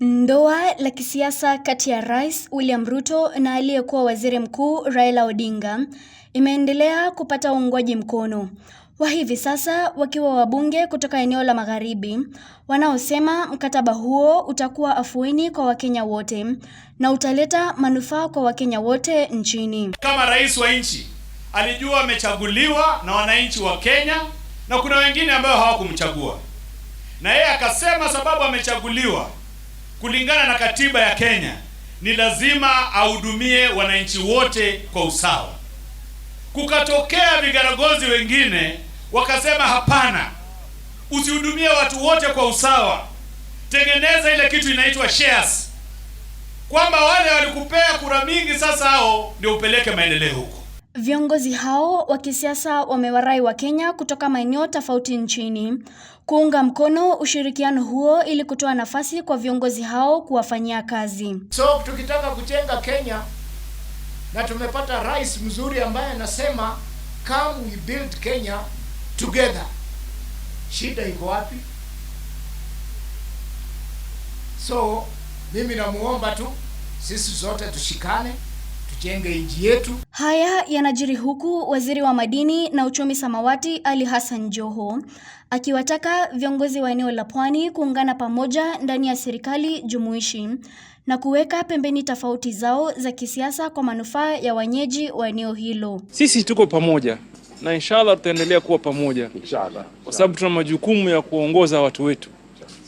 Ndoa la kisiasa kati ya Rais William Ruto na aliyekuwa Waziri Mkuu Raila Odinga imeendelea kupata uungwaji mkono wa hivi sasa, wakiwa wabunge kutoka eneo la Magharibi wanaosema mkataba huo utakuwa afueni kwa Wakenya wote na utaleta manufaa kwa Wakenya wote nchini. Kama rais wa nchi alijua amechaguliwa na wananchi wa Kenya na kuna wengine ambao hawakumchagua, na yeye akasema sababu amechaguliwa kulingana na katiba ya Kenya ni lazima ahudumie wananchi wote kwa usawa. Kukatokea vigaragozi wengine wakasema, hapana, usihudumie watu wote kwa usawa, tengeneza ile kitu inaitwa shares, kwamba wale walikupea kura mingi, sasa hao ndio upeleke maendeleo huko. Viongozi hao wa kisiasa wamewarai wa kenya kutoka maeneo tofauti nchini kuunga mkono ushirikiano huo ili kutoa nafasi kwa viongozi hao kuwafanyia kazi. So tukitaka kujenga Kenya na tumepata rais mzuri ambaye anasema come we build Kenya together. Shida iko wapi? So mimi namuomba tu sisi zote tushikane, tujenge nchi yetu. Haya yanajiri huku waziri wa madini na uchumi samawati Ali Hassan Joho akiwataka viongozi wa eneo la Pwani kuungana pamoja ndani ya serikali jumuishi na kuweka pembeni tofauti zao za kisiasa kwa manufaa ya wenyeji wa eneo hilo. Sisi tuko pamoja na inshallah tutaendelea kuwa pamoja, inshallah, kwa sababu tuna majukumu ya kuwaongoza watu wetu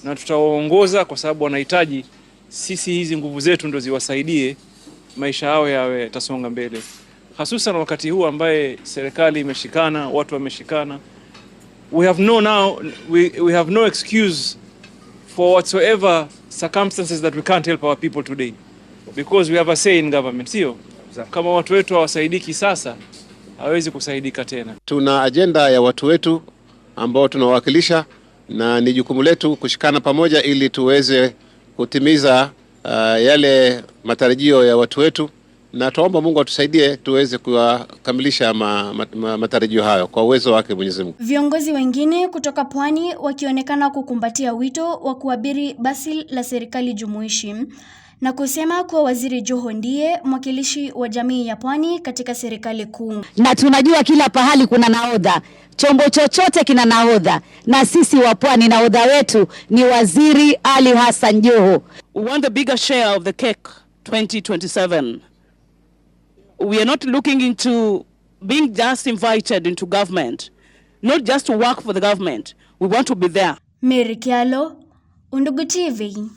na tutawaongoza kwa sababu wanahitaji sisi, hizi nguvu zetu ndio ziwasaidie maisha yao yawe tasonga mbele hasusan wakati huu ambaye serikali imeshikana, watu wameshikana. We have no now, we, we have no excuse for whatsoever circumstances that we can't help our people today because we have a say in government, sio kama watu wetu hawasaidiki sasa, hawezi kusaidika tena. Tuna ajenda ya watu wetu ambao tunawakilisha na ni jukumu letu kushikana pamoja ili tuweze kutimiza uh, yale matarajio ya watu wetu na tuomba Mungu atusaidie tuweze kuwakamilisha ma, ma, ma, matarajio hayo kwa uwezo wake Mwenyezi Mungu. Viongozi wengine kutoka Pwani wakionekana kukumbatia wito wa kuabiri basi la serikali jumuishi na kusema kuwa Waziri Joho ndiye mwakilishi wa jamii ya Pwani katika serikali kuu. Na tunajua kila pahali kuna nahodha, chombo chochote kina nahodha, na sisi wa Pwani nahodha wetu ni Waziri Ali Hassan Joho. We want the bigger share of the cake 2027 we are not looking into being just invited into government, not just to work for the government. We want to be there. Mary Kialo, Undugu TV.